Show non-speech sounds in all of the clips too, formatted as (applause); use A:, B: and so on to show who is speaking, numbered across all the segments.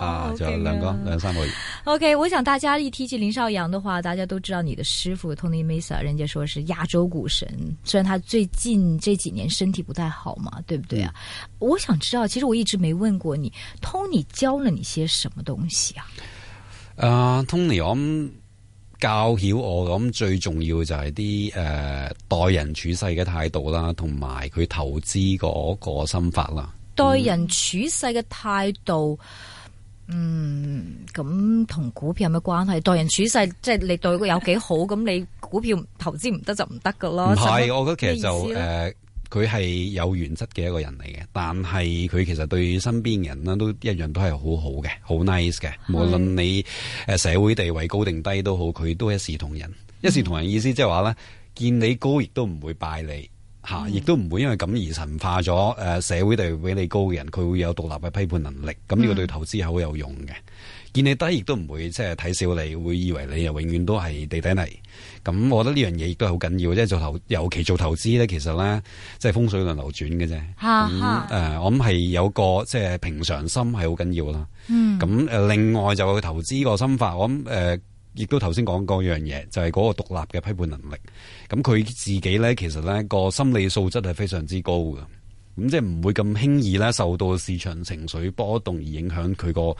A: 啊，就兩個兩 Okay. 三
B: 個月。O、okay, K，我想大家一提起林少陽的話，大家都知道你的師傅 Tony Mesa，人家說是亞洲股神，雖然他最近這幾年身體不太好嘛，對不對啊？嗯、我想知道，其實我一直沒問過你，Tony 教了你些什麼東西啊？啊、
A: 呃、，Tony，我咁教曉我諾最重要就係啲誒待人處世嘅態度啦，同埋佢投資嗰個心法啦。
B: 待人處世嘅態度。嗯嗯嗯，咁同股票有咩關係？待人處世，即、就、係、是、你對佢有幾好，咁 (laughs) 你股票投資唔得就唔得噶囉。唔係是，在我覺得其實就誒，
A: 佢係、呃、有原則嘅一個人嚟嘅，但係佢其實對身邊人呢，都一樣都係好好嘅，好 nice 嘅。的無論你誒社會地位高定低都好，佢都一視同仁，嗯、一視同仁意思即係話咧，見你高亦都唔會拜你。吓，亦都唔會因為咁而神化咗。誒，社會地位比你高嘅人，佢會有獨立嘅批判能力。咁呢個對投資係好有用嘅。嗯、見你低，亦都唔會即係睇小你，會以為你又永遠都係地底泥。咁，我覺得呢樣嘢亦都係好緊要。即係做投，尤其做投資咧，其實咧，即係風水輪流轉嘅啫。咁誒哈、嗯，我諗係有個即係平常心係好緊要啦。咁誒、嗯，另外就去投資個心法，我諗誒。呃亦都頭先講嗰樣嘢，就係、是、嗰個獨立嘅批判能力。咁佢自己呢，其實呢個心理素質係非常之高嘅。咁即係唔會咁輕易呢受到市場情緒波動而影響佢個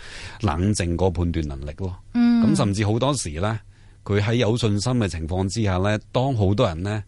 A: 冷靜嗰個判斷能力咯。咁、嗯、甚至好多時呢，佢喺有信心嘅情況之下呢，當好多人呢，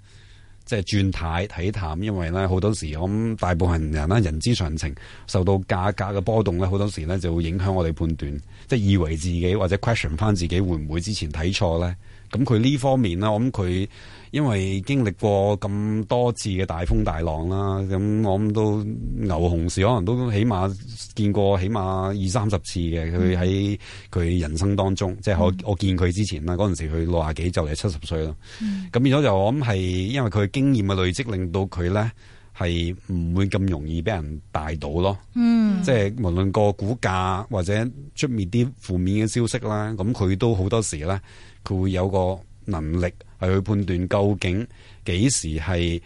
A: 即係轉態睇淡，因為咧好多時，我諗大部分人咧人之常情，受到價格嘅波動咧，好多時咧就會影響我哋判斷，即係以為自己或者 question 翻自己會唔會之前睇錯咧。咁佢呢方面啦，我諗佢因為經歷過咁多次嘅大風大浪啦，咁我諗都牛熊市可能都起碼見過起碼二三十次嘅。佢喺佢人生當中，即係、嗯、我我見佢之前啦，嗰陣時佢六廿幾就嚟七十歲啦。咁變咗就我諗係因為佢經驗嘅累積，令到佢咧係唔會咁容易俾人帶到咯。即係、嗯、無論個股價或者出面啲負面嘅消息啦，咁佢都好多時咧。佢會有個能力係去判斷究竟幾時係誒、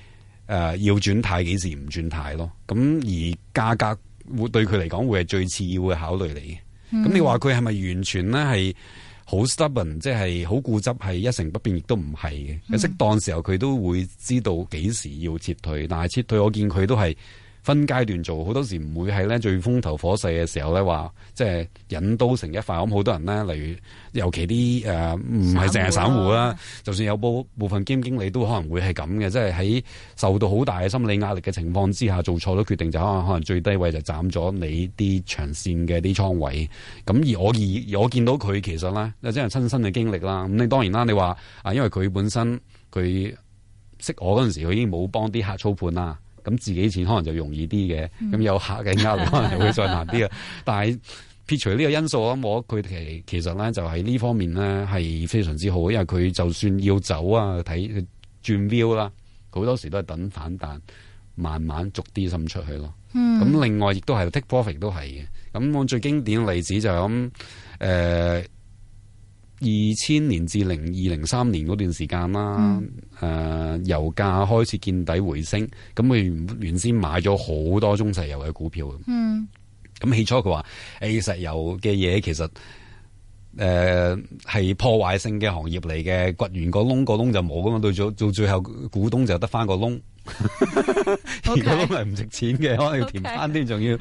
A: 呃、要轉軚幾時唔轉軚咯，咁而價格會對佢嚟講會係最次要嘅考慮嚟嘅。咁、嗯、你話佢係咪完全咧係好 stubborn，即係好固執，係一成不變不？亦都唔係嘅，適當時候佢都會知道幾時要撤退。但係撤退，我見佢都係。分階段做，好多時唔會係咧最風頭火勢嘅時候咧話，即係引刀成一塊。咁好多人咧，例如尤其啲誒唔係淨係散戶啦，戶啊、就算有部部分兼經理都可能會係咁嘅，即係喺受到好大嘅心理壓力嘅情況之下，做錯咗決定就可能可能最低位就斬咗你啲長線嘅啲倉位。咁而我而我見到佢其實咧，即係親身嘅經歷啦。咁你當然啦，你話啊，因為佢本身佢識我嗰陣時，佢已經冇幫啲客操盤啦。咁自己錢可能就容易啲嘅，咁、嗯、有客嘅壓力可能就會再難啲啊。 (laughs) 但係撇除呢個因素，咁我佢其其實咧就係、是、呢方面咧係非常之好，因為佢就算要走啊，睇轉 view 啦，好多時都係等反彈，慢慢逐啲滲出去咯。咁、嗯、另外亦都係 take profit 都係嘅。咁我最經典例子就係咁誒。呃二千年至零二零三年嗰段時間啦，誒、嗯呃，油價開始見底回升，咁佢原先買咗好多中石油嘅股票。嗯，咁起初佢話誒，石油嘅嘢其實誒係、呃、破壞性嘅行業嚟嘅，掘完個窿個窿就冇咁嘛，到咗到最後股東就得返個窿。如果都唔係唔值錢嘅，可能要填翻啲，仲要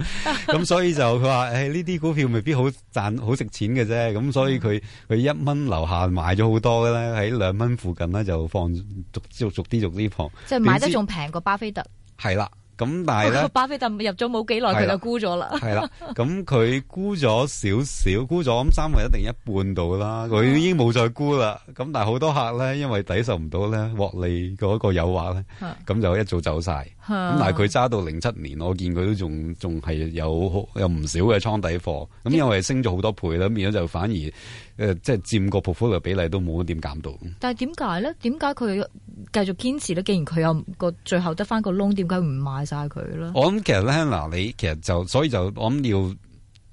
A: 咁，所以就佢話誒，呢、哎、啲股票未必好賺，好值錢嘅啫。咁所以佢佢 (laughs) 一蚊樓下買咗好多嘅咧，喺兩蚊附近咧就放逐逐逐啲逐啲放，即係 (laughs) 家買得仲
B: 平過巴菲特，
A: 係啦。咁但係咧，哦、
B: 巴菲特入咗冇幾耐，佢的就沽咗啦。係啦的，
A: 咁佢沽咗少少，沽咗咁三成一定一半到啦。佢已經冇再沽啦。咁但係好多客咧，因為抵受唔到咧獲利嗰個誘惑咧，咁、啊、就一早就走晒。咁、啊、但係佢揸到零七年，我見佢都仲仲係有有唔少嘅倉底貨。咁因為升咗好多倍啦，變咗就反而。誒，即係佔個 portfolio 比例都冇一點減到但。
B: 但係點解咧？點解佢繼續堅持咧？既然佢有個最後得翻個窿，點解唔賣晒佢咧？
A: 我諗其實咧，嗱，你其實就所以就我諗要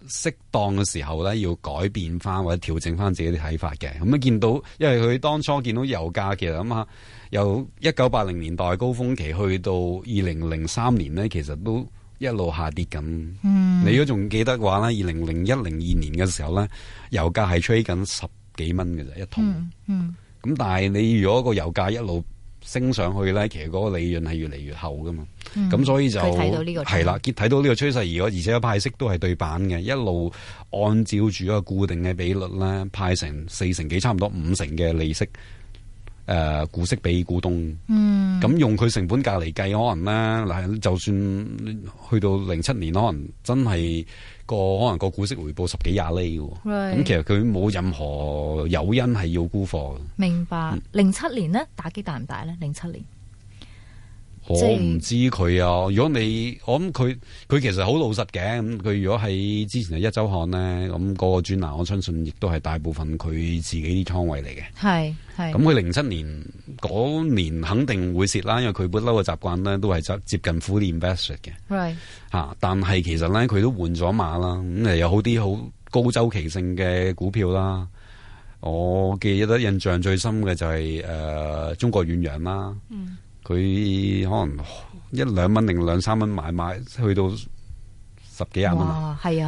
A: 適當嘅時候咧，要改變翻或者調整翻自己啲睇法嘅。咁你見到，因為佢當初見到油價，其實諗下由一九八零年代高峰期去到二零零三年咧，其實都。一路下跌咁，嗯、你如果仲記得嘅話咧，二零零一零二年嘅時候咧，油價係吹緊十幾蚊嘅啫，一桶。嗯，咁、嗯、但係你如果個油價一路升上去咧，其實嗰個利潤係越嚟越厚噶嘛。咁、嗯、所以就係啦，結睇到呢個趨勢。如果而且派息都係對版嘅，一路按照住一個固定嘅比率咧，派成四成幾，差唔多五成嘅利息。誒、呃，股息俾股東，咁、嗯、用佢成本價嚟計，可能咧，嗱，就算去到零七年，可能真係個可能個股息回報十幾廿厘，咁是其實佢冇任何誘因係要沽貨嘅。
B: 明白。嗯、零七年呢，打擊大唔大咧？零七年。
A: 我唔知佢啊！如果你我諗佢佢其實好老實嘅咁，佢如果喺之前係一周刊咧，咁、那、嗰個專欄，我相信亦都係大部分佢自己啲倉位嚟嘅。
C: 係係咁，
A: 佢零七年嗰年肯定會蝕啦，因為佢不嬲嘅習慣咧都係接近 full investment 嘅。係吓 Right.、啊，但係其實咧佢都換咗馬啦，咁誒有好啲好高周期性嘅股票啦。我記得印象最深嘅就係、是、誒、呃、中國遠洋啦。嗯佢可能一兩蚊定兩三蚊買賣去到十幾廿蚊啊！啊、嗯！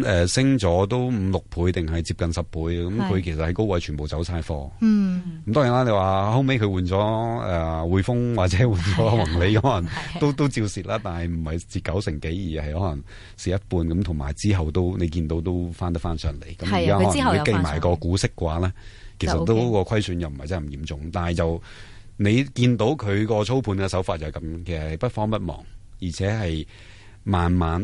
A: 咁、呃、升咗都五六倍定係接近十倍，咁、嗯、佢是其實喺高位全部走晒貨。嗯。
C: 咁
A: 當然啦，你話後尾佢換咗誒匯豐或者換咗宏利，啊、可能都、啊、都,都照蝕啦，但係唔係蝕九成幾，而係可能蝕一半。咁同埋之後都你見到都翻得翻上嚟。係啊，你之後翻咁計埋個股息嘅話咧，其實都個虧損又唔係真係咁嚴重，但係就。你見到佢個操盤嘅手法就係咁嘅，不慌不忙，而且係慢慢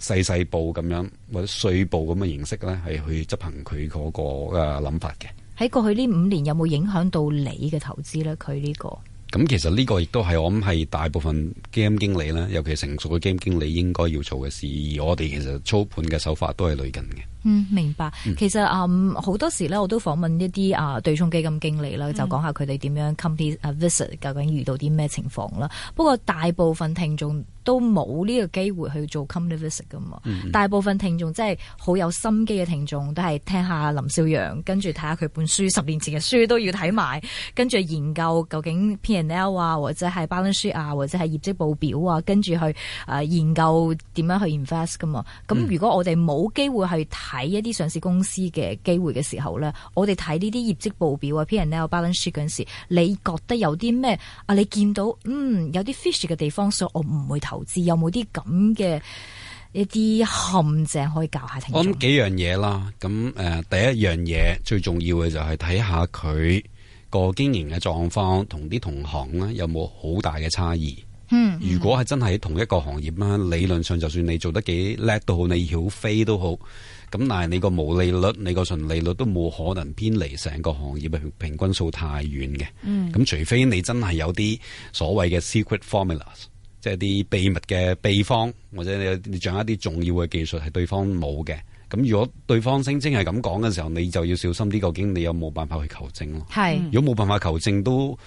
A: 細細步咁樣或者碎步咁嘅形式咧，係去執行佢嗰個誒諗法嘅。
B: 喺過去呢五年有冇影響到你嘅投資咧？佢呢個
A: 咁其實呢個亦都係我諗係大部分基金經理啦，尤其成熟嘅基金經理應該要做嘅事。而我哋其實操盤嘅手法都係類近嘅。
B: 嗯，明白。嗯、其實誒好、嗯、多時咧，我都訪問一啲啊對沖基金經理啦，就講下佢哋點樣 complete、uh, visit，究竟遇到啲咩情況啦。不過大部分聽眾都冇呢個機會去做 complete visit 噶嘛。嗯、嗯，大部分聽眾即係好有心機嘅聽眾，都係聽下林少陽，跟住睇下佢本書十年前嘅書都要睇埋，跟住研究究竟 P and L 啊，或者係 balance sheet 啊，或者係業績報表啊，跟住去誒、呃、研究點樣去 invest 噶嘛。咁如果我哋冇機會去睇睇一啲上市公司嘅機會嘅時候咧，我哋睇呢啲業績報表啊、P&L、Balance Sheet 嗰陣時，你覺得有啲咩啊？你見到嗯有啲 fish 嘅地方，所以我唔會投資。有冇啲咁嘅一啲陷阱可以教下聽眾？我
A: 幾樣嘢啦，咁誒、呃，第一樣嘢最重要嘅就係睇下佢個經營嘅狀況同啲同行咧有冇好大嘅差異。嗯，如果係真係喺同一個行業啦，理論上就算你做得幾叻都好，你曉飛都好，咁但係你個毛利率、你個純利率都冇可能偏離成個行業嘅平均數太遠嘅。咁、嗯、除非你真係有啲所謂嘅 secret formulas，即係啲秘密嘅秘方，或者你掌握一啲重要嘅技術係對方冇嘅。咁如果對方聲稱係咁講嘅時候，你就要小心啲，究竟你有冇辦法去求證咯？係是，如果冇辦法求證都。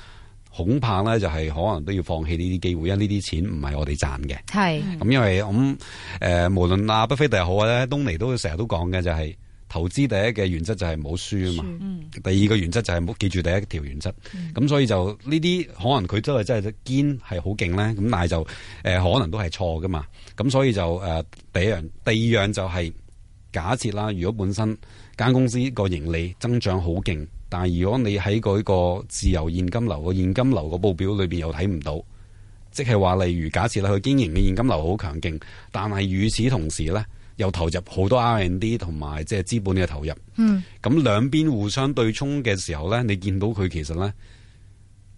A: 恐怕咧就係可能都要放棄呢啲機會，因為呢啲錢唔係我哋賺嘅。係咁，因為咁誒、嗯呃、無論阿北飛第好好咧，東尼都成日都講嘅就係、是、投資第一嘅原則就係唔好輸啊嘛。嗯、第二個原則就係唔好記住第一條原則。咁、嗯嗯、所以就呢啲可能佢真係真係堅係好勁咧。咁但係就誒、呃、可能都係錯噶嘛。咁所以就誒、呃、第一樣，第二樣就係、是、假設啦。如果本身間公司個盈利增長好勁。但係如果你喺嗰個自由現金流個現金流個報表裏邊又睇唔到，即係話例如假設咧佢經營嘅現金流好強勁，但係與此同時呢，又投入好多 R&D 同埋即係資本嘅投入，咁、嗯、兩邊互相對沖嘅時候呢，你見到佢其實呢。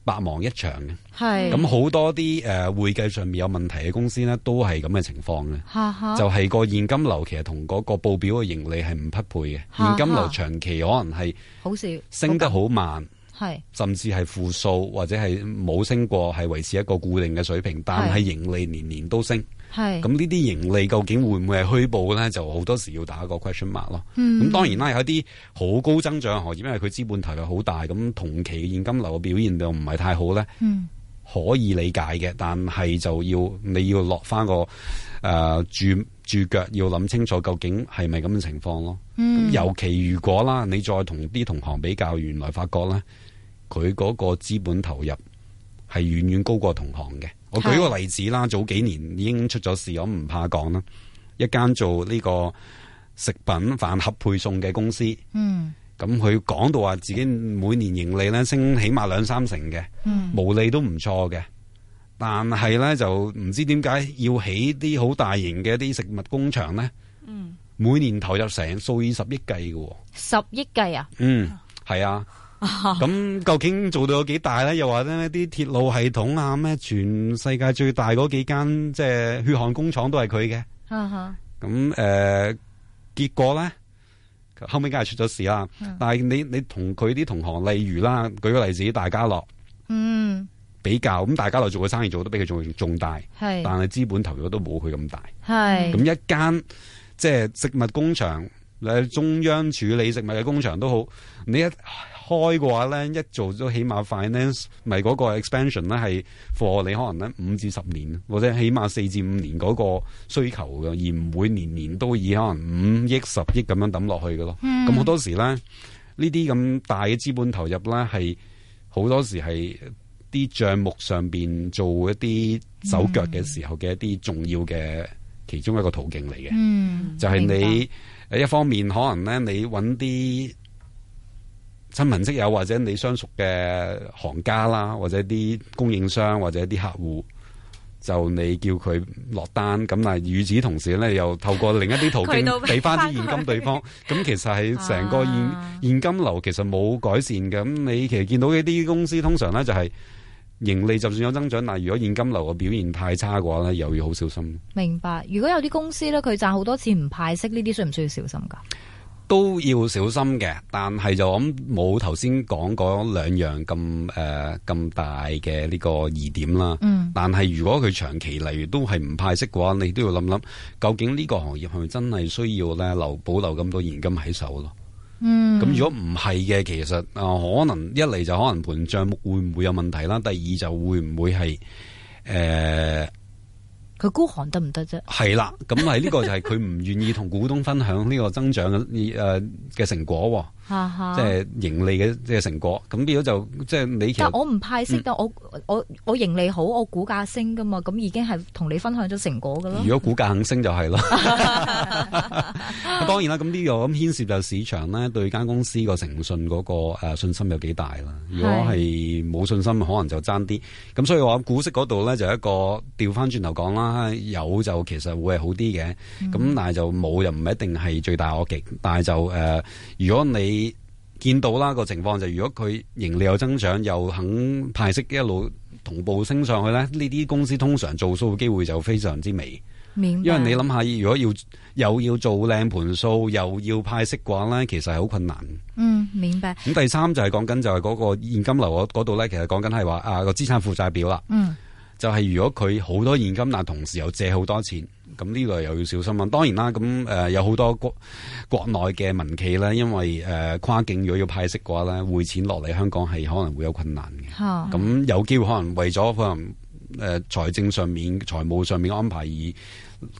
A: 百忙一場嘅，係咁好多啲誒、呃、會計上面有問題嘅公司呢，都係咁嘅情況嘅，
C: 哈哈，就
A: 係個現金流其實同嗰個報表嘅盈利係唔匹配嘅，哈哈，現金流長期可能係
B: 好少，升得好慢，係 (laughs)
A: 甚至係負數是或者係冇升過，係維持一個固定嘅水平，但係盈利年年都升。係咁呢啲盈利究竟會唔會係虛報咧？就好多時要打個 question mark 咯。咁、嗯、當然啦，有啲好高增長嘅行業，因為佢資本投入好大，咁同期現金流嘅表現就唔係太好咧，嗯、可以理解嘅。但係就要你要落翻個誒、呃、住住腳，要諗清楚究竟係咪咁嘅情況咯。嗯、尤其如果啦，你再同啲同行比較，原來發覺咧，佢嗰個資本投入係遠遠高過同行嘅。我舉個例子啦，啊、早幾年已經出咗事，我唔怕講啦。一間做呢個食品飯盒配送嘅公司，嗯，咁佢講到話自己每年盈利咧升起碼兩三成嘅，嗯、毛利都唔錯嘅。但係咧就唔知點解要起啲好大型嘅一啲食物工場咧，嗯，每年投入成數以十億計嘅，
B: 十億計啊，
A: 嗯，係啊。咁究竟做到有幾大咧？又話呢啲鐵路系統啊咩，全世界最大嗰幾間即係血汗工廠都係佢嘅。咁誒、uh huh. 呃，結果咧後尾梗係出咗事啦。Uh huh. 但係你你同佢啲同行，例如啦，舉個例子，大家樂，嗯、mm，hmm. 比較咁，大家樂做嘅生意做得比佢仲仲大，係、mm，hmm. 但係資本投入都冇佢咁大，係、
C: mm。咁、
A: hmm. 一間即係食物工場，中央處理食物嘅工場都好，你一。開嘅話咧，一做都起碼 finance 咪嗰個 expansion 咧係貨，你可能咧五至十年或者起碼四至五年嗰個需求嘅，而唔會年年都以可能五億十億咁樣抌落去嘅咯。嗯，咁好多時咧呢啲咁大嘅資本投入咧係好多時係啲賬目上邊做一啲手腳嘅時候嘅一啲重要嘅其中一個途徑嚟嘅。嗯，
C: 就係你
A: 一方面可能咧你揾啲。親朋戚友或者你相熟嘅行家啦，或者啲供應商或者啲客戶，就你叫佢落單咁，但係與此同時咧，又透過另一啲途徑俾翻啲現金對方，咁 (laughs) 其實係成個現金流其實冇改善嘅。咁、啊、你其實見到一啲公司通常咧就係盈利就算有增長，但如果現金流嘅表現太差嘅話咧，又要好小心。
B: 明白。如果有啲公司咧，佢賺好多錢唔派息，呢啲需唔需要小心㗎？
A: 都要小心嘅，但係就咁冇頭先講嗰兩樣咁誒，咁大嘅呢個疑點啦。嗯，但係如果佢長期嚟都係唔派息嘅話，你都要諗諗究竟呢個行業係咪真係需要咧，留保留咁多現金喺手咯？嗯，
C: 咁如果
A: 唔係嘅，其實啊、呃、可能一嚟就可能盤賬會唔會有問題啦，第二就會唔會係誒。呃
B: 佢孤寒得唔得啫？
A: 係啦，咁係呢個就係佢唔願意同股東分享呢個增長嘅誒嘅成果。 (laughs) 啊、哈即係盈利嘅即係成果，咁變咗就即係你其實，但係我
B: 唔派息，但、嗯、我我我盈利好，我股價升噶嘛，咁已經係同你分享咗成果噶啦。如
A: 果股價肯升就係咯， (laughs) (laughs) 當然啦，咁呢個咁牽涉到市場呢，對間公司誠、個誠信嗰個誒信心有幾大啦。如果係冇信心，可能就爭啲。咁所以話股息嗰度呢就一個調翻轉頭講啦，有就其實會係好啲嘅，咁、嗯、但係就冇又唔一定係最大惡極，但係就誒、呃，如果你。你見到啦，個情況就，如果佢盈利有增長，又肯派息一路同步升上去呢，呢啲公司通常做數嘅機會就非常之微。
C: 明白。因為你諗
A: 下，如果要又要做靚盤數，又要派息嘅話呢，其實係好困難。嗯，
B: 明白。
A: 咁第三就係講緊就係嗰個現金流嗰度呢，其實講緊係話啊，個資產負債表啦。嗯。就係如果佢好多現金，但同時又借好多錢。咁呢度又要小心啊！當然啦，咁、呃、有好多國國內嘅民企啦，因為、呃、跨境如果要派息嘅話咧，匯錢落嚟香港係可能會有困難
C: 嘅。咁、
A: 啊、有機會可能為咗可能誒財政上面、財務上面嘅安排以，以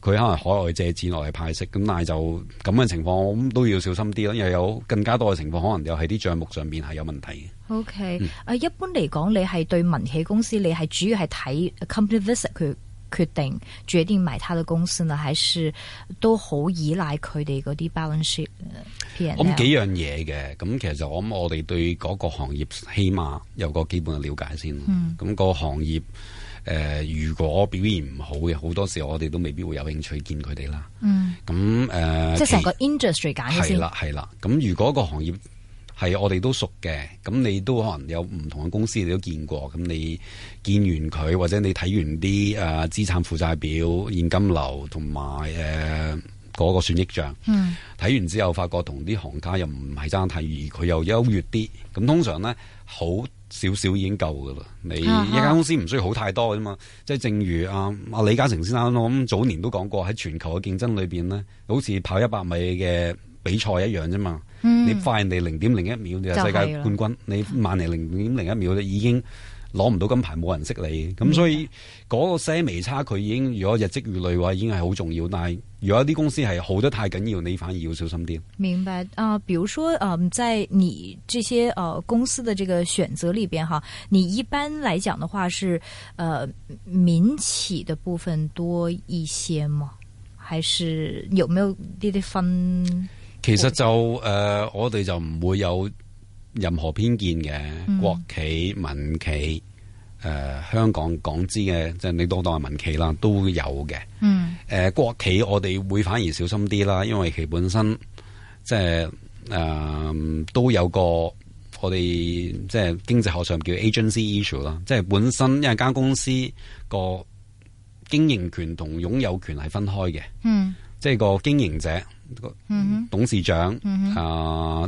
A: 佢可能海外借錢落嚟派息。咁但係就咁嘅情況，我諗都要小心啲咯。又有更加多嘅情況，可能又喺啲帳目上面係有問題
B: 嘅。O K，啊，uh, 一般嚟講，你係對民企公司，你係主要係睇 company visit 佢。決定決定買他的公司呢，還是都好依賴佢哋嗰啲 balance sheet 咁
A: 幾樣嘢嘅，咁其實我諗我哋對嗰個，個、嗯、個行業，起碼有個基本嘅了解先。咁個行業，如果表現唔好嘅，好多時候我哋都未必會有興趣見佢哋啦。嗯，咁、呃、即係成個
B: industry 揀先。係啦，係啦。
A: 咁如果個行業，係我哋都熟嘅，咁你都可能有唔同嘅公司，你都見過。咁你見完佢，或者你睇完啲誒、呃、資產負債表、現金流同埋誒嗰個損益帳，睇、嗯、完之後發覺同啲行家又唔係差太遠，佢又優越啲。咁通常咧好少少已經夠㗎喇。你一間公司唔需要好太多啫嘛。啊、哈即係正如啊，阿李嘉誠先生咯，咁早年都講過喺全球嘅競爭裏面咧，好似跑一百米嘅，比賽一樣啫嘛，嗯、你快人哋零點零一秒就世界冠軍，你慢人零點零一秒你已經攞唔到金牌，冇人識你咁，那所以嗰個細微差距已經如果日積月累嘅話，已經係好重要。但係如果一啲公司係好得太緊要，你反而要小心啲。
B: 明白啊、呃，比如說啊、呃，在你這些呃公司的這個選擇裏邊哈，你一般嚟講嘅話，是呃民企嘅部分多一些嗎？還是有沒有啲啲分
A: 其實就誒，我哋就唔會有任何偏見嘅，嗯、國企、民企誒，香港港資嘅，即係你當當係民企啦，都有嘅。嗯。誒，國企我哋會反而小心啲啦，因為其本身即係誒都有個我哋即係經濟學上叫 agency issue 啦，即係本身因為間公司個經營權同擁有權係分開嘅。嗯。即係個經營者，董事長啊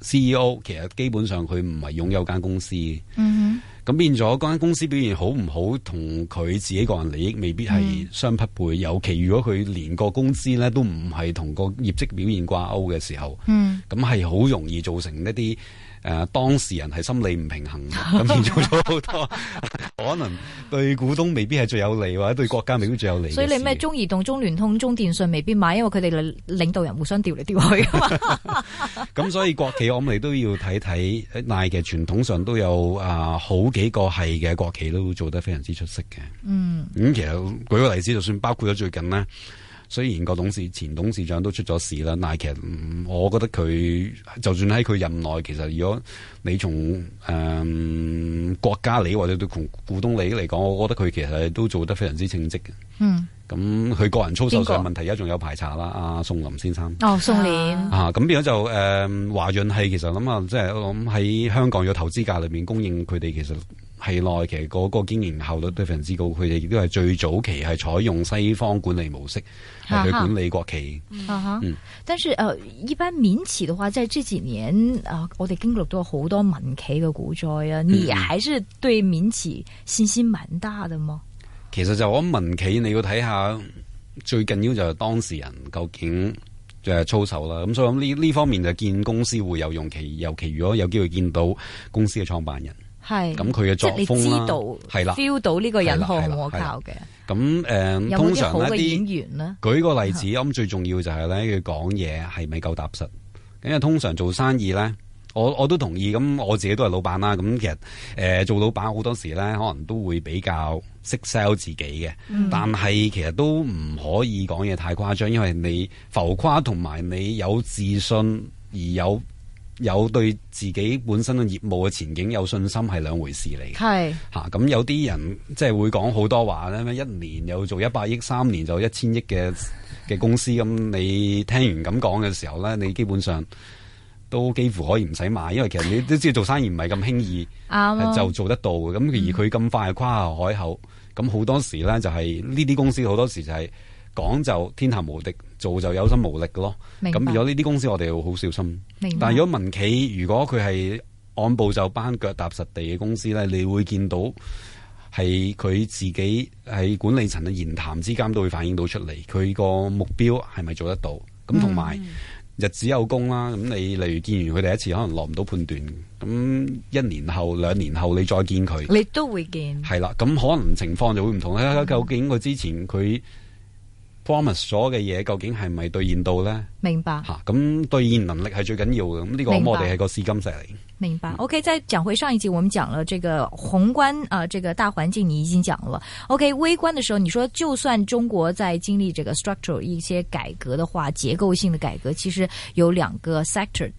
A: ，CEO，其實基本上佢唔係擁有間公司，咁、mm hmm. 變咗間公司表現好唔好，同佢自己個人利益未必係相匹配。Mm hmm. 尤其如果佢連個公司咧都唔係同個業績表現掛鈎嘅時候，咁係好容易造成一啲。誒、呃，當事人係心理唔平衡的，咁變咗咗好多， (laughs) 可能對股東未必係最有利，或者對國家未必最有利。所以你咩
B: 中移動、中聯通、中電信未必買，因為佢哋領領導人互相調嚟調去嘛。
A: 咁 (laughs) (laughs) 所以國企我哋都要睇睇，奈嘅傳統上都有啊、呃、好幾個係嘅國企都做得非常之出色嘅。嗯，咁、嗯、其實舉個例子，就算包括咗最近呢雖然個董事前董事長都出咗事啦，但係其實我覺得佢就算喺佢任內，其實如果你從誒、嗯、國家理或者對股股東理嚟講，我覺得佢其實都做得非常之稱職嘅。嗯，咁佢個人操守上的問題而家仲有排查啦。阿宋林先生，哦宋林啊，咁變咗就誒、嗯、華潤系其實諗啊，即係諗喺香港嘅投資界裏面，供應佢哋其實。系內其實嗰個經營效率都非常之高，佢哋亦都係最早期係採用西方管理模式，啊、哈去管理國企。
B: 啊、哈嗯，但是誒，uh, 一般民企的話，在這幾年啊，uh, 我哋經歷到好多民企嘅股災啊，你還是對民企信心蠻大嘅嗎、嗯？
A: 其實就我諗民企你要睇下，最緊要就係當事人究竟就係操守啦。咁所以呢呢方面就見公司會有用期，其尤其如果有機會見到公司嘅創辦人。
C: 係，咁佢嘅作風啦，
A: 係啦，feel
B: 到呢個人好可靠嘅。
A: 咁誒、嗯，通常一啲演員舉個例子，咁的最重要就係咧，佢講嘢係咪夠踏實？的因為通常做生意咧，我我都同意，咁我自己都係老闆啦。咁其實誒、呃、做老闆好多時咧，可能都會比較識 sell 自己嘅，嗯、但係其實都唔可以講嘢太誇張，因為你浮誇同埋你有自信而有。有對自己本身嘅業務嘅前景有信心係兩回事嚟嘅，係吓咁有啲人即係會講好多話咧，一年又做一百億，三年就一千億嘅嘅公司咁，你聽完咁講嘅時候咧，你基本上都幾乎可以唔使買，因為其實你都知道做生意唔係咁輕
B: 易， (laughs) 就
A: 做得到嘅。咁而佢咁快誇下海口，咁好多時咧就係呢啲公司好多時就係、是。講就天下無敵，做就有心無力嘅咯。咁白如果呢啲公司，我哋好小心。白但係如果民企，如果佢係按步就班，腳踏實地嘅公司咧，你會見到係佢自己喺管理層嘅言談之間都會反映到出嚟，佢個目標係咪做得到？咁同埋日子有功啦。咁你例如見完佢第一次，可能落唔到判斷。咁一年後、兩年後你再見佢，你都會見。係啦，咁可能情況就會唔同啦。嗯、究竟佢之前佢。promise 咗嘅嘢究竟係咪兌現到咧？
B: 明白吓，
A: 咁兌、啊、現能力係最緊要嘅。咁呢、這個白我哋係個試金石嚟。
B: 明白。OK，再講回上一集，我們講了這個宏觀啊、呃，這個大環境你已經講了。OK，微觀的時候，你說就算中國在經歷這個 structural 一些改革的話，結構性的改革，其實有兩個 sector。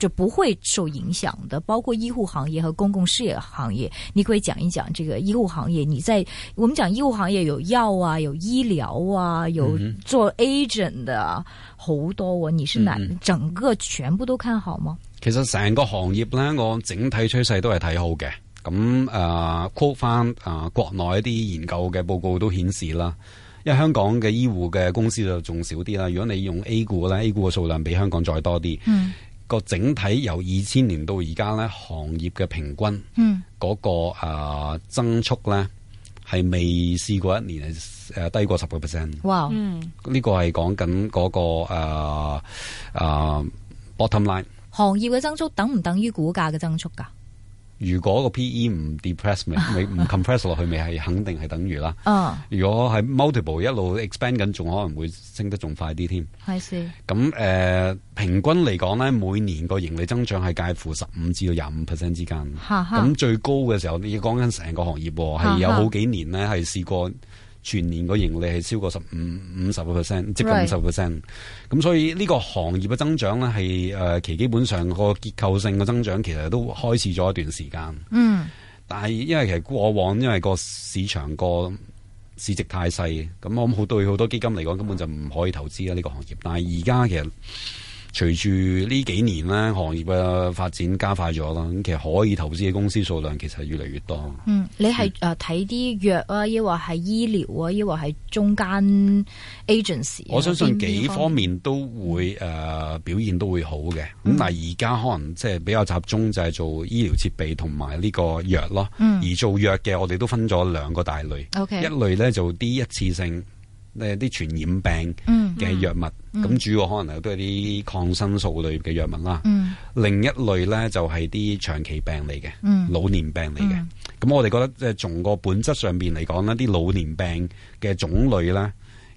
B: 就不會受影響的，包括醫護行業和公共事業行業。你可以講一講這個醫護行業。你在我們講醫護行業有藥啊，有醫療啊，有做 agent 啊，好多啊。你是哪整個全部都看好嗎？
A: 其實成個行業呢，我整體趨勢都係睇好嘅。咁誒，quote 翻誒國內一啲研究嘅報告都顯示啦，因為香港嘅醫護嘅公司就仲少啲啦。如果你用 A 股呢，A 股嘅數量比香港再多啲。個整體由二千年到而家咧，行業嘅平均，嗯，嗰、那個啊、呃、增速咧係未試過一年係誒、呃、低過十個 percent。
C: 哇，嗯、那個，
A: 呢個係講緊嗰個誒誒 bottom line。
B: 行業嘅增速等唔等於股價嘅增速㗎、啊？
A: 如果個 P/E 唔 depress 未，唔 compress 落去，咪係肯定係等於啦。啊、如果係 multiple 一路 expand 緊，仲可能會升得仲快啲添。係咁誒，平均嚟講咧，每年個盈利增長係介乎十五至到廿五 percent 之間。
C: 咁哈、嗯、
A: 最高嘅時候，你要講緊成個行業係、嗯、有好幾年咧，係試過。全年個盈利係超過十五五十個 percent，接近五十個 percent。咁 Right. 所以呢個行業嘅增長咧，係誒、呃、其基本上個結構性嘅增長，其實都開始咗一段時間。嗯，mm. 但係因為其實過往因為個市場個市值太細，咁我諗對好多基金嚟講根本就唔可以投資啦呢個行業。但係而家其實。隨住呢幾年咧，行業嘅發展加快咗咯，咁其實可以投資嘅公司數量其實係越嚟越多。嗯，
B: 你係誒睇啲藥啊，抑或係醫療啊，抑或係中間 agency、啊。我相信幾方
A: 面都會誒、呃、表現都會好嘅。咁、嗯、但係而家可能即係比較集中，就係做醫療設備同埋呢個藥咯。嗯、而做藥嘅我哋都分咗兩個大類。Okay，一類咧就啲一次性。誒，啲傳染病嘅藥物，咁、嗯嗯、主要可能都有啲抗生素類嘅藥物啦。嗯、另一類咧就係啲長期病嚟嘅，老年病嚟嘅。咁我哋覺得即係從個本質上邊嚟講咧，啲老年病嘅種類咧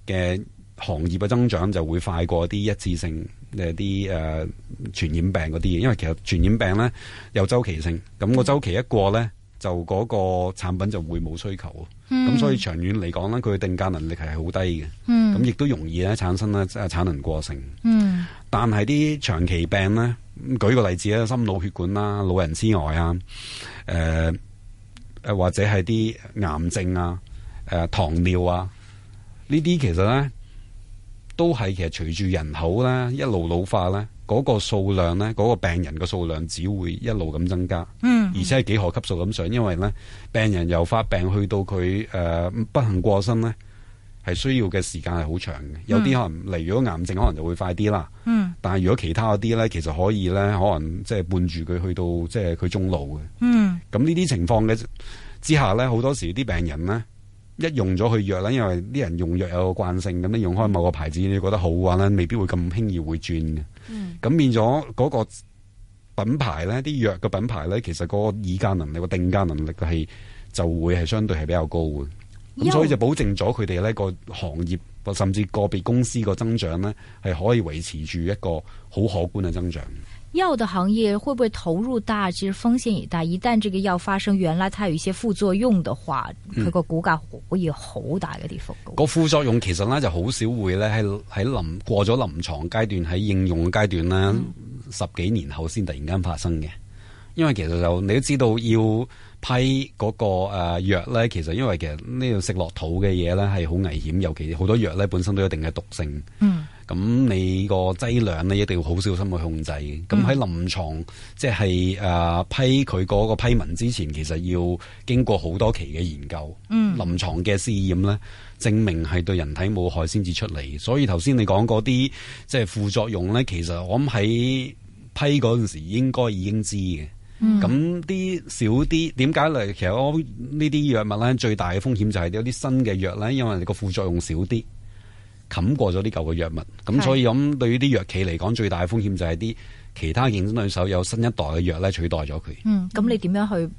A: 嘅行業嘅增長就會快過啲一次性嘅啲誒傳染病嗰啲嘢。因為其實傳染病咧有周期性，咁個周期一過咧。嗯就嗰個產品就會冇需求啊，咁、嗯、所以長遠嚟講咧，佢定價能力係好低
C: 嘅，咁亦
A: 都容易咧產生咧即係產能過剩。嗯，但係啲長期病咧，舉個例子咧，心腦血管啦、老人痴呆啊，誒、呃、誒或者係啲癌症啊、誒、呃、糖尿啊，呢啲其實咧都係其實隨住人口咧一路老，老化咧。嗰個數量咧，嗰、嗰個病人嘅數量只會一路咁增加，嗯，而且係幾何級數咁上，因為咧病人由發病去到佢誒、呃、不幸過身咧，係需要嘅時間係好長嘅，有啲可能例如果癌症可能就會快啲啦，嗯，但係如果其他嗰啲咧，其實可以咧，可能即係伴住佢去到即係佢中路嘅，
C: 嗯，
A: 咁呢啲情況嘅之下咧，好多時啲病人咧，一用咗佢藥啦，因為啲人用藥有個慣性，咁樣用開某個牌子，你覺得好嘅話，咧未必會咁輕易會轉嘅。嗯，咁變咗嗰個品牌咧，啲藥嘅品牌咧，其實個議價能力、個定價能力係就會係相對係比較高嘅。咁所以就保證咗佢哋呢個行業甚至個別公司個增長咧，係可以維持住一個好可觀嘅增長。
B: 藥的行業會不會投入大，其實風險也大。一旦這個藥發生，原來它有一些副作用的話，佢個股價可以好大嘅跌幅。嗯、
A: 個副作用其實呢，就好少會咧喺喺臨過咗臨床階段喺應用階段呢，嗯、十幾年後先突然間發生嘅。因為其實就你都知道要批嗰、那個誒、呃、藥咧，其實因為其實呢度食落肚嘅嘢咧係好危險，尤其好多藥咧本身都有一定嘅毒性。嗯。咁你個劑量咧一定要好小心去控制嘅。咁喺臨床，即係誒批佢嗰個批文之前，其實要經過好多期嘅研究，嗯、臨床嘅試驗咧，證明係對人體冇害先至出嚟。所以頭先你講嗰啲即係副作用咧，其實我諗喺批嗰陣時應該已經知嘅。咁啲、嗯、少啲，點解呢？其實我呢啲藥物咧，最大嘅風險就係有啲新嘅藥咧，因為你個副作用少啲。冚過咗啲舊嘅藥物，咁所以咁對於啲藥企嚟講，是最大嘅風險就係啲其他競爭對手有新一代嘅藥咧取代咗佢。
B: 嗯，咁你點樣去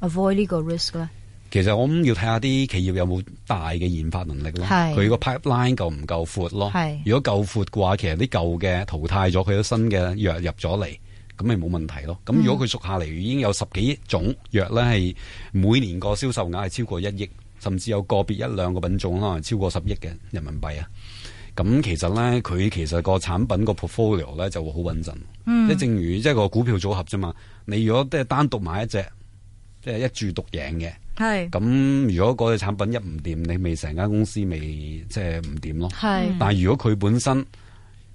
B: avoid 呢個 risk 咧？
A: 其實我諗要睇下啲企業有冇大嘅研發能力咯，佢個是 pipeline 夠唔夠闊咯？是如果夠闊嘅話，其實啲舊嘅淘汰咗，佢有新嘅藥入咗嚟，咁咪冇問題咯。咁如果佢熟下嚟已經有十幾種藥咧，係、嗯、每年個銷售額係超過一億。甚至有個別一兩個品種啦，可能超過十億嘅人民幣啊！咁其實咧，佢其實個產品個 portfolio 咧就會好穩陣。即、嗯、正如即係、就是、個股票組合啫嘛。你如果即係單獨買一隻，即、就、係、是、一注獨贏嘅，係咁是。咁如果嗰隻產品一唔掂，你咪成間公司咪即係唔掂咯。係是。但係如果佢本身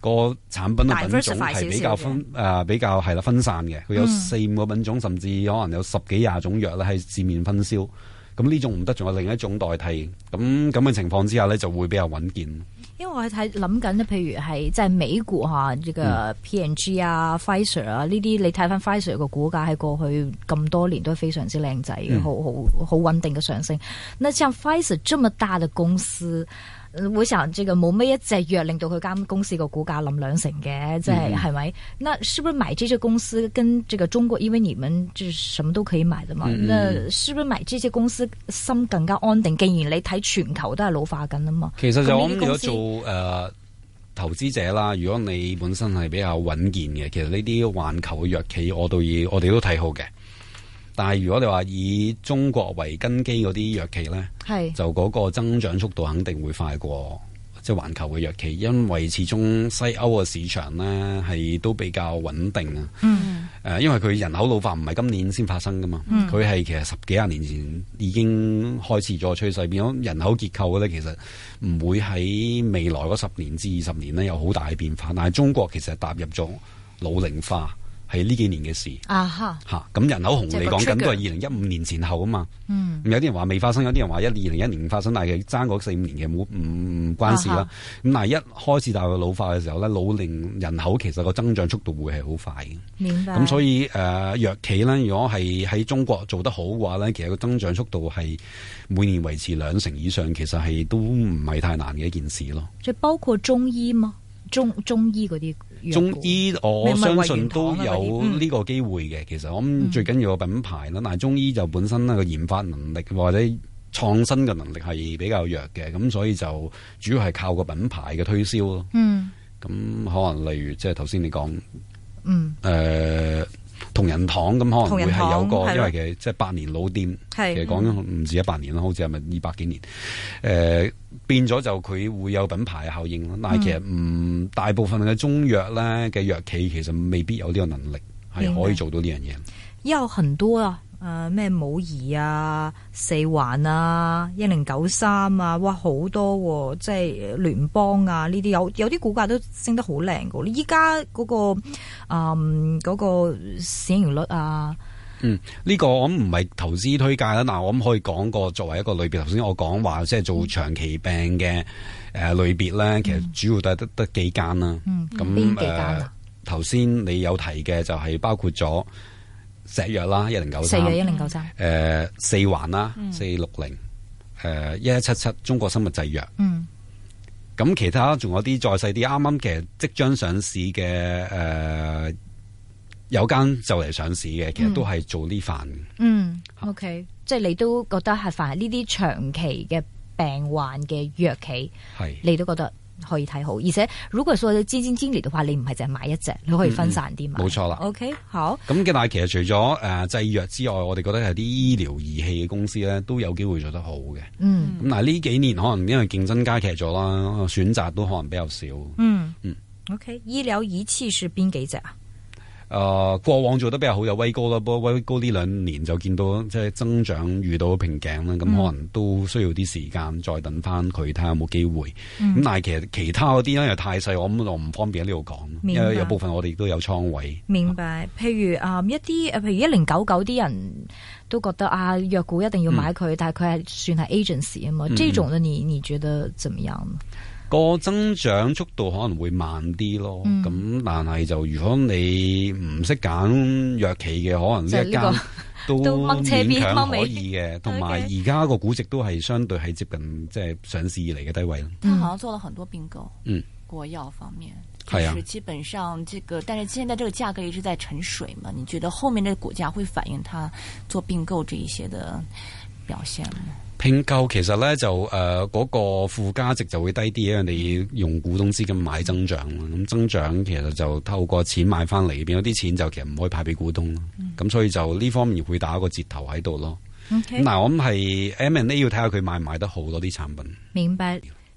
A: 個產品嘅品種係比較分誒、呃、比較係啦分散嘅，佢有四五個品種，甚至可能有十幾廿種藥咧，係字面分銷。咁呢種唔得，仲有另一種代替。咁咁嘅情況之下咧，就會比較穩健。
B: 因為我係諗緊咧，譬如係即係美股嚇，呢、這個 P&G 啊、嗯、Pfizer 啊，呢啲你睇翻 Pfizer 個股價喺過去咁多年都非常之靚仔，好好好穩定嘅上升。那像 Pfizer 這麼大嘅公司。我想，這個冇咩一隻藥令到佢間公司個股價冧兩成嘅，即係係咪？那是不是買這些公司跟這個中國？因為你們即係什麼都可以買的嘛？嗯嗯那是不是買這些公司心更加安定？既然你睇全球都係老化緊啊嘛，其實就如果做
A: 誒、呃、投資者啦，如果你本身係比較穩健嘅，其實呢啲環球嘅藥企我都以我哋都睇好嘅。但係如果你話以中國為根基嗰啲藥企呢，是就嗰個增長速度肯定會快過即係環球嘅藥企，因為始終西歐嘅市場呢係都比較穩定啊。嗯、因為佢人口老化唔係今年先發生噶嘛，佢係、嗯、其實十幾廿年前已經開始咗趨勢變。人口結構呢，其實唔會喺未來嗰十年至二十年呢，有好大嘅變化，但係中國其實係踏入咗老齡化。係呢幾年嘅事啊哈！吓吓，咁人口紅利講緊都係二零一五年前後啊嘛。嗯，有啲人話未發生，有啲人話一二零一年發生，但係佢爭四五年嘅，冇唔唔關事啦。咁、啊、哈但係一開始大陸老化嘅時候咧，老齡人口其實個增長速度會係好快嘅。明白。咁所以誒、藥、呃、企咧，如果係喺中國做得好嘅話咧，其實個增長速度係每年維持兩成以上，其實係都唔係太難嘅一件事咯。
B: 即係包括中醫嘛，中中醫嗰啲。中醫我相
A: 信都有呢個機會嘅，其實我諗最緊要個品牌啦。但係中醫就本身呢個研發能力或者創新嘅能力係比較弱嘅，咁所以就主要係靠個品牌嘅推銷咯。嗯，咁可能例如即係頭先你講，嗯，誒、呃。同仁堂咁可能會係有個，因為其實即係百年老店，是其實講緊唔止一百年啦，嗯、好似係咪二百幾年？誒、呃、變咗就佢會有品牌效應咯。但係其實唔、嗯呃、大部分嘅中藥咧嘅藥企其實未必有呢個能力係白可以做到呢樣嘢。
B: 要很多誒，咩武怡啊、四環啊、一零九三啊，哇，好多喎！啊！即係聯邦啊，呢啲有有啲股價都升得好靚，你依家嗰個誒，嗰、嗯那個市盈率啊，嗯，
A: 呢、這個我諗唔係投資推介啦。嗱，我諗可以講個作為一個類別，頭先我講話即係做長期病嘅誒、呃、類別咧，嗯、其實主要都係得得幾間啦。咁邊幾間啊？頭先你有提嘅就係包括咗。石藥啦，一零九四嘅一零九三，誒、呃，四環啦，四六零，誒、呃，一一七七，中國生物製藥，嗯，咁其他仲有啲再細啲，啱啱其實即將上市嘅，誒、呃，有間就嚟上市嘅，其實都係做呢飯
B: 嗯、啊、，O Okay . K，即係你都覺得係凡係呢啲長期嘅病患嘅藥企，係是，你都覺得。可以睇好，而且如果所有資金經理嘅話，你唔係淨係買一隻，你可以分散啲嘛。冇、嗯、錯啦。OK，好。
A: 咁嘅，但係其實除咗誒製藥之外，我哋覺得係啲醫療儀器嘅公司咧都有機會做得好嘅。嗯。咁嗱，呢幾年可能因為競爭加劇咗啦，選擇都可能比較少。嗯。嗯。
B: OK，醫療儀器是邊幾隻啊？
A: 誒、呃，過往做得比較好有威高啦，不過威高呢兩年就見到即係增長遇到瓶頸啦，咁、嗯嗯、可能都需要啲時間再等翻佢睇下有冇機會。咁、嗯、但係其實其他嗰啲因為太細，我諗就唔方便喺呢度講，
B: 白有部分
A: 我哋都有倉位。
B: 明白，啊、譬如啊、呃，一啲譬如一零九九啲人都覺得啊，藥股一定要買佢，嗯、但係佢係算係 agency 啊嘛、嗯，呢種你你覺得怎麼樣？
A: 個增長速度可能會慢啲咯，咁、嗯、但係就如果你唔識揀藥企嘅，嗯、可能呢一間都勉強可以嘅。同埋而家個估值都係相對係接近即係、就是、上市以嚟嘅低位啦。佢
B: 好像做了很多併購，嗯，國藥方面，就是基本上這個，但是現在這個價格一直在沉水嘛，你覺得後面呢股價會反映他做併購這一些的表現？
A: 拼購其實咧就誒嗰、呃那個附加值就會低啲啊！因為你用股東資金買增長咁增長其實就透過錢買翻嚟，變咗啲錢就其實唔可以派俾股東咯。咁、嗯、所以就呢方面會打一個折頭喺度咯。嗱 Okay.，我諗係 M&A 要睇下佢買唔買得好多啲產品。
B: 明白。